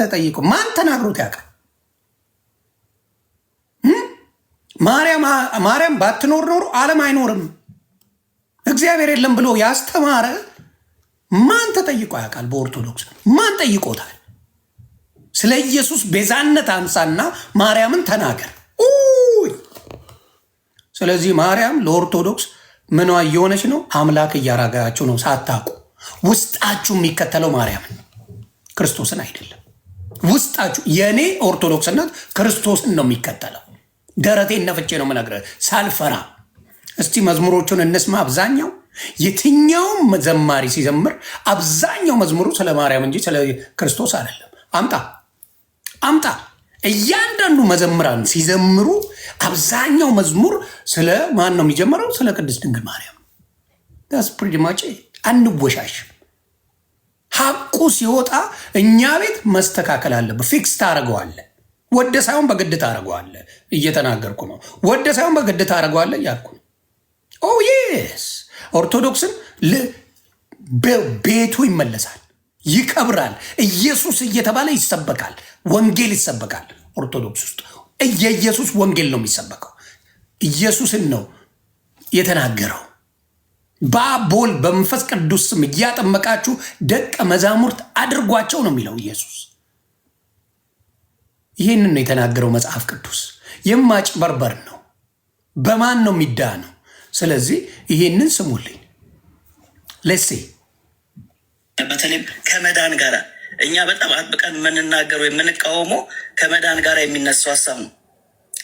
ተጠይቆ ማን ተናግሮት ያውቃል? ማርያም ባትኖር ኖሮ ዓለም አይኖርም እግዚአብሔር የለም ብሎ ያስተማረ ማን ተጠይቆ ያውቃል? በኦርቶዶክስ ማን ጠይቆታል? ስለ ኢየሱስ ቤዛነት አንሳና ማርያምን ተናገር። ስለዚህ ማርያም ለኦርቶዶክስ ምኗ እየሆነች ነው? አምላክ እያራጋችሁ ነው ሳታውቁ። ውስጣችሁ የሚከተለው ማርያምን ክርስቶስን አይደለም። ውስጣችሁ የእኔ ኦርቶዶክስነት ክርስቶስን ነው የሚከተለው። ደረቴን ነፍቼ ነው የምነግርህ ሳልፈራ። እስቲ መዝሙሮቹን እንስማ። አብዛኛው የትኛውም ዘማሪ ሲዘምር አብዛኛው መዝሙሩ ስለ ማርያም እንጂ ስለ ክርስቶስ አይደለም። አምጣ አምጣ። እያንዳንዱ መዘምራን ሲዘምሩ አብዛኛው መዝሙር ስለ ማን ነው የሚጀምረው? ስለ ቅድስት ድንግል ማርያም። ስፕሪድማጭ አንወሻሽ ሀቁ ሲወጣ እኛ ቤት መስተካከል አለበት። ፊክስ ታደርገዋለህ። ወደ ሳይሆን በግድ ታደርገዋለህ። እየተናገርኩ ነው። ወደ ሳይሆን በግድ ታደርገዋለህ እያልኩ ነው። ኦ oh የስ ኦርቶዶክስን ቤቱ ይመለሳል፣ ይቀብራል። ኢየሱስ እየተባለ ይሰበካል። ወንጌል ይሰበካል። ኦርቶዶክስ ውስጥ የኢየሱስ ወንጌል ነው የሚሰበከው። ኢየሱስን ነው የተናገረው። በአቦል በመንፈስ ቅዱስ ስም እያጠመቃችሁ ደቀ መዛሙርት አድርጓቸው ነው የሚለው ኢየሱስ። ይህንን ነው የተናገረው መጽሐፍ ቅዱስ። የማጭበርበር ነው። በማን ነው የሚዳ ነው? ስለዚህ ይህንን ስሙልኝ። ለሴ በተለይም ከመዳን ጋር እኛ በጣም አጥብቀን የምንናገረው የምንቃወመው ከመዳን ጋር የሚነሳው ሀሳብ ነው።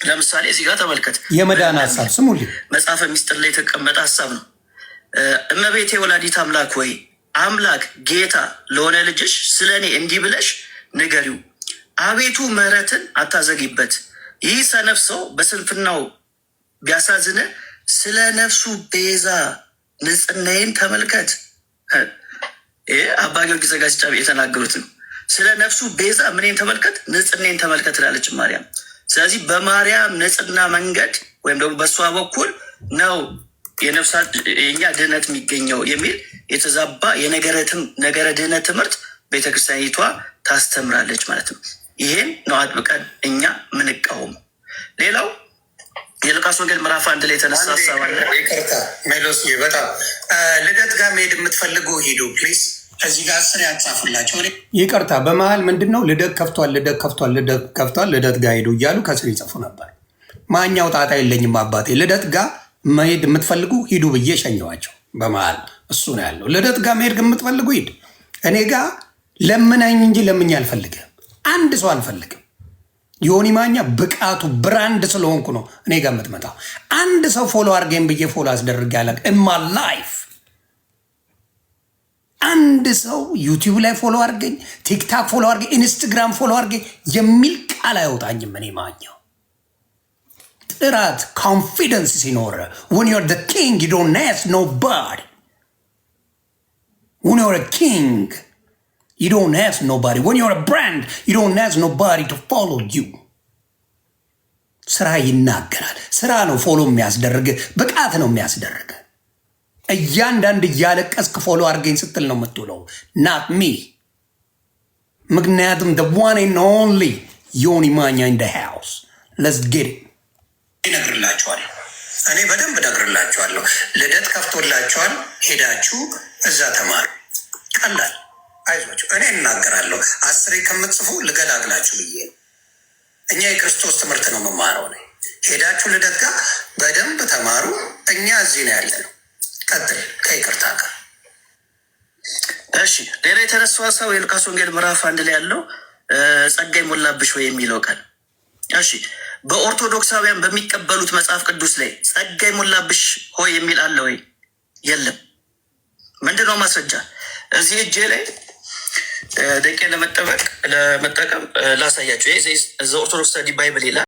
ለምሳሌ እዚህ ጋር ተመልከት፣ የመዳን ሀሳብ ስሙልኝ። መጽሐፈ ሚስጥር ላይ የተቀመጠ ሀሳብ ነው። እመቤቴ ወላዲት አምላክ ወይ አምላክ ጌታ ለሆነ ልጅሽ ስለ እኔ እንዲህ ብለሽ ንገሪው። አቤቱ ምሕረትን አታዘጊበት ይህ ሰነፍ ሰው በስንፍናው ቢያሳዝነ ስለ ነፍሱ ቤዛ ንጽሕናዬን ተመልከት። አባ ጊዮርጊስ ዘጋስጫ የተናገሩት ነው። ስለ ነፍሱ ቤዛ ምንን ተመልከት፣ ንጽሕናዬን ተመልከት ትላለች ማርያም። ስለዚህ በማርያም ንጽና መንገድ ወይም ደግሞ በእሷ በኩል ነው የእኛ ድህነት የሚገኘው የሚል የተዛባ የነገረ ድህነት ትምህርት ቤተክርስቲያኒቷ ታስተምራለች ማለት ነው። ይሄን ነው አጥብቀን እኛ ምንቃወሙ። ሌላው የሉቃስ ወንጌል ምዕራፍ አንድ ላይ የተነሳ ሀሳብ ሜሎስ፣ በጣም ልደት ጋር መሄድ የምትፈልጉ ሂዱ ፕሊዝ። ከዚህ ጋር ስር ያጻፉላቸው። ይቅርታ በመሀል ምንድን ነው ልደት ከፍቷል፣ ልደት ከፍቷል፣ ልደት ከፍቷል፣ ልደት ጋር ሄዱ እያሉ ከስር ይጽፉ ነበር። ማኛው ጣጣ የለኝም አባቴ ልደት ጋር መሄድ የምትፈልጉ ሂዱ ብዬ ሸኘዋቸው። በመሀል እሱ ነው ያለው። ልደት ጋር መሄድ የምትፈልጉ ሂድ፣ እኔ ጋ ለምናኝ እንጂ ለምኝ አልፈልግም። አንድ ሰው አልፈልግም። ዮኒ ማኛ ብቃቱ ብራንድ ስለሆንኩ ነው እኔ ጋር የምትመጣው። አንድ ሰው ፎሎ አድርገኝ ብዬ ፎሎ አስደርግ ያለ እማ ላይፍ አንድ ሰው ዩቲዩብ ላይ ፎሎ አድርገኝ፣ ቲክታክ ፎሎ አድርገኝ፣ ኢንስትግራም ፎሎ አድርገኝ የሚል ቃል አይወጣኝም እኔ ማኛው Sterat, confidence in order. When you're the king, you don't ask nobody. When you're a king, you don't ask nobody. When you're a brand, you don't ask nobody to follow you. follow me as but ስራ ይናገራል። ስራ ነው ፎሎ የሚያስደርግ ብቃት ነው የሚያስደርግ። እያንዳንድ እያለቀስክ ፎሎ አድርገኝ ስትል ነው የምትውለው። ናት ሚ ምክንያቱም ዋን ኤን in the house. Let's get it. ይነግርላቸዋል። እኔ በደንብ እነግርላችኋለሁ። ልደት ከፍቶላቸዋል፣ ሄዳችሁ እዛ ተማሩ። ቀላል አይዟችሁ። እኔ እናገራለሁ። አስሬ ከምትጽፉ ልገላግላችሁ ብዬ እኛ የክርስቶስ ትምህርት ነው መማረው ነ ሄዳችሁ ልደት ጋር በደንብ ተማሩ። እኛ እዚህ ነው ያለ ነው። ቀጥል ከይቅርታ ጋር እሺ። ሌላ የተነሱ ሀሳብ የሉቃስ ወንጌል ምዕራፍ አንድ ላይ ያለው ጸጋ ይሞላብሽ ወይ የሚለው ቃል እሺ በኦርቶዶክሳውያን በሚቀበሉት መጽሐፍ ቅዱስ ላይ ጸጋ የሞላብሽ ሆይ የሚል አለ ወይ? የለም። ምንድነው ማስረጃ? እዚህ እጄ ላይ ደቄ ለመጠበቅ ለመጠቀም ላሳያቸው። ዘ ኦርቶዶክስ ስታዲ ባይብል ይላል።